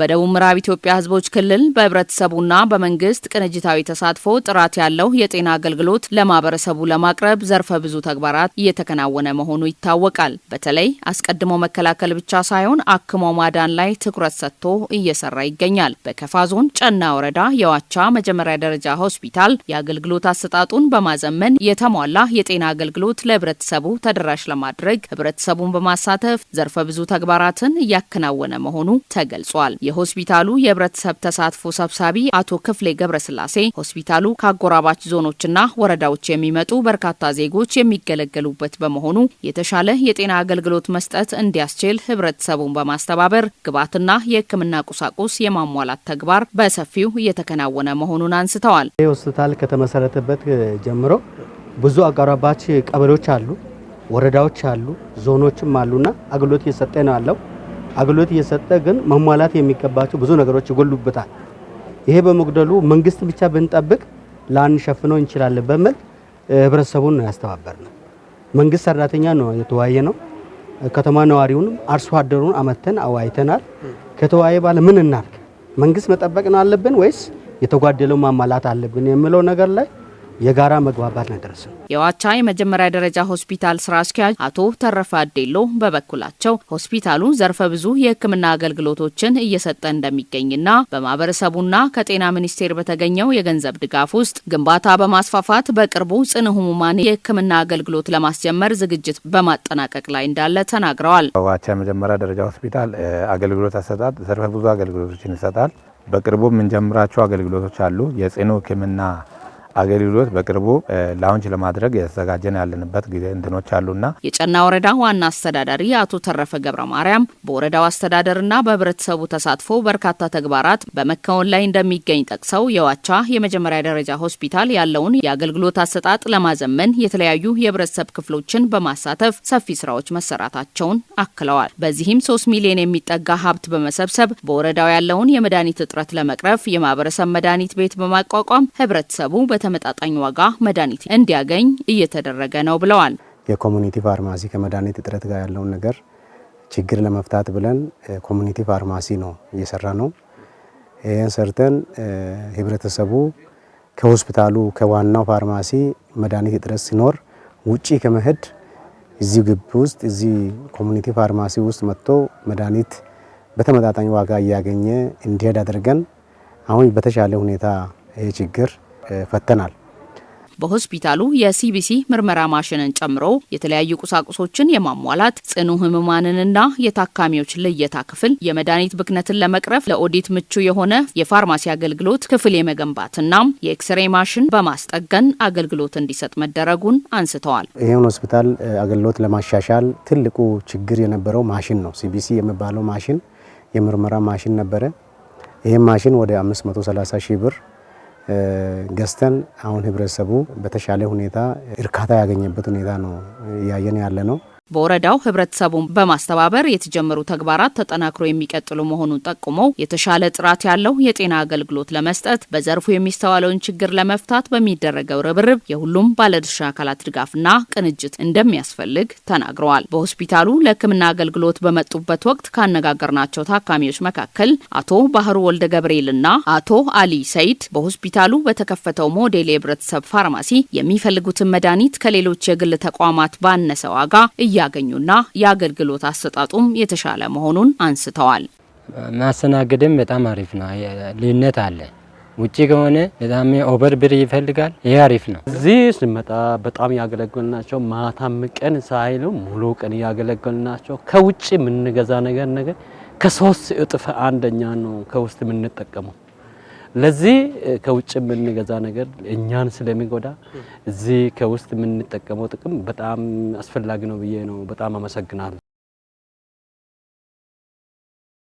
በደቡብ ምዕራብ ኢትዮጵያ ህዝቦች ክልል በህብረተሰቡና በመንግስት ቅንጅታዊ ተሳትፎ ጥራት ያለው የጤና አገልግሎት ለማህበረሰቡ ለማቅረብ ዘርፈ ብዙ ተግባራት እየተከናወነ መሆኑ ይታወቃል። በተለይ አስቀድሞ መከላከል ብቻ ሳይሆን አክሞ ማዳን ላይ ትኩረት ሰጥቶ እየሰራ ይገኛል። በከፋ ዞን ጨና ወረዳ የዋቻ መጀመሪያ ደረጃ ሆስፒታል የአገልግሎት አሰጣጡን በማዘመን የተሟላ የጤና አገልግሎት ለህብረተሰቡ ተደራሽ ለማድረግ ህብረተሰቡን በማሳተፍ ዘርፈ ብዙ ተግባራትን እያከናወነ መሆኑ ተገልጿል። የሆስፒታሉ የህብረተሰብ ተሳትፎ ሰብሳቢ አቶ ክፍሌ ገብረስላሴ ሆስፒታሉ ከአጎራባች ዞኖችና ወረዳዎች የሚመጡ በርካታ ዜጎች የሚገለገሉበት በመሆኑ የተሻለ የጤና አገልግሎት መስጠት እንዲያስችል ህብረተሰቡን በማስተባበር ግብዓትና የህክምና ቁሳቁስ የማሟላት ተግባር በሰፊው እየተከናወነ መሆኑን አንስተዋል። ይህ ሆስፒታል ከተመሰረተበት ጀምሮ ብዙ አጎራባች ቀበሌዎች አሉ፣ ወረዳዎች አሉ፣ ዞኖችም አሉና አገልግሎት እየሰጠ ነው ያለው። አገልግሎት እየሰጠ ግን መሟላት የሚገባቸው ብዙ ነገሮች ይጎሉበታል። ይሄ በመጉደሉ መንግስት ብቻ ብንጠብቅ ላንሸፍነው እንችላለን በሚል ህብረተሰቡን ነው ያስተባበርነው። መንግስት ሰራተኛ ነው የተወያየ ነው። ከተማ ነዋሪውንም አርሶ አደሩን አመተን አዋይተናል። ከተወያየ ባለ ምን እናርግ መንግስት መጠበቅ ነው አለብን ወይስ የተጓደለው ማሟላት አለብን የሚለው ነገር ላይ የጋራ መግባባት ነው ያደረሰው። የዋቻ የመጀመሪያ ደረጃ ሆስፒታል ስራ አስኪያጅ አቶ ተረፈ አዴሎ በበኩላቸው ሆስፒታሉ ዘርፈ ብዙ የሕክምና አገልግሎቶችን እየሰጠ እንደሚገኝና በማህበረሰቡና ከጤና ሚኒስቴር በተገኘው የገንዘብ ድጋፍ ውስጥ ግንባታ በማስፋፋት በቅርቡ ጽኑ ህሙማን የሕክምና አገልግሎት ለማስጀመር ዝግጅት በማጠናቀቅ ላይ እንዳለ ተናግረዋል። ዋቻ የመጀመሪያ ደረጃ ሆስፒታል አገልግሎት አሰጣጥ ዘርፈ ብዙ አገልግሎቶችን ይሰጣል። በቅርቡ የምንጀምራቸው አገልግሎቶች አሉ። የጽኑ ሕክምና አገልግሎት በቅርቡ ላውንች ለማድረግ የተዘጋጀን ያለንበት እንትኖች አሉና የጨና ወረዳ ዋና አስተዳዳሪ አቶ ተረፈ ገብረ ማርያም በወረዳው አስተዳደርና በህብረተሰቡ ተሳትፎ በርካታ ተግባራት በመከወን ላይ እንደሚገኝ ጠቅሰው የዋቻ የመጀመሪያ ደረጃ ሆስፒታል ያለውን የአገልግሎት አሰጣጥ ለማዘመን የተለያዩ የህብረተሰብ ክፍሎችን በማሳተፍ ሰፊ ስራዎች መሰራታቸውን አክለዋል። በዚህም ሶስት ሚሊዮን የሚጠጋ ሀብት በመሰብሰብ በወረዳው ያለውን የመድኃኒት እጥረት ለመቅረፍ የማህበረሰብ መድኃኒት ቤት በማቋቋም ህብረተሰቡ በተመጣጣኝ ዋጋ መድኃኒት እንዲያገኝ እየተደረገ ነው ብለዋል። የኮሚኒቲ ፋርማሲ ከመድኃኒት እጥረት ጋር ያለውን ነገር ችግር ለመፍታት ብለን ኮሚኒቲ ፋርማሲ ነው እየሰራ ነው። ይህን ሰርተን ህብረተሰቡ ከሆስፒታሉ ከዋናው ፋርማሲ መድኃኒት እጥረት ሲኖር ውጪ ከመሄድ እዚህ ግቢ ውስጥ እዚህ ኮሚኒቲ ፋርማሲ ውስጥ መጥቶ መድኃኒት በተመጣጣኝ ዋጋ እያገኘ እንዲሄድ አድርገን አሁን በተሻለ ሁኔታ ይህ ችግር ፈተናል። በሆስፒታሉ የሲቢሲ ምርመራ ማሽንን ጨምሮ የተለያዩ ቁሳቁሶችን የማሟላት ጽኑ ህሙማንንና የታካሚዎች ልየታ ክፍል፣ የመድኃኒት ብክነትን ለመቅረፍ ለኦዲት ምቹ የሆነ የፋርማሲ አገልግሎት ክፍል የመገንባትና የኤክስሬ ማሽን በማስጠገን አገልግሎት እንዲሰጥ መደረጉን አንስተዋል። ይህን ሆስፒታል አገልግሎት ለማሻሻል ትልቁ ችግር የነበረው ማሽን ነው። ሲቢሲ የሚባለው ማሽን የምርመራ ማሽን ነበረ። ይህም ማሽን ወደ 530 ሺህ ብር ገዝተን አሁን ህብረተሰቡ በተሻለ ሁኔታ እርካታ ያገኘበት ሁኔታ ነው እያየን ያለ ነው። በወረዳው ህብረተሰቡን በማስተባበር የተጀመሩ ተግባራት ተጠናክሮ የሚቀጥሉ መሆኑን ጠቁመው የተሻለ ጥራት ያለው የጤና አገልግሎት ለመስጠት በዘርፉ የሚስተዋለውን ችግር ለመፍታት በሚደረገው ርብርብ የሁሉም ባለድርሻ አካላት ድጋፍና ቅንጅት እንደሚያስፈልግ ተናግረዋል። በሆስፒታሉ ለሕክምና አገልግሎት በመጡበት ወቅት ካነጋገርናቸው ታካሚዎች መካከል አቶ ባህሩ ወልደ ገብርኤልና አቶ አሊ ሰይድ በሆስፒታሉ በተከፈተው ሞዴል የህብረተሰብ ፋርማሲ የሚፈልጉትን መድኃኒት ከሌሎች የግል ተቋማት ባነሰ ዋጋ እያ እያገኙና የአገልግሎት አሰጣጡም የተሻለ መሆኑን አንስተዋል። ማስተናገድም በጣም አሪፍ ነው። ልዩነት አለ። ውጭ ከሆነ በጣም ኦቨር ብር ይፈልጋል። ይህ አሪፍ ነው። እዚህ ስንመጣ በጣም ያገለገሉ ናቸው። ማታም ቀን ሳይሉ ሙሉ ቀን እያገለገሉ ናቸው። ከውጭ የምንገዛ ነገር ነገር ከሶስት እጥፍ አንደኛ ነው ከውስጥ የምንጠቀመው። ለዚህ ከውጭ የምንገዛ ነገር እኛን ስለሚጎዳ እዚህ ከውስጥ የምንጠቀመው ጥቅም በጣም አስፈላጊ ነው ብዬ ነው። በጣም አመሰግናለሁ።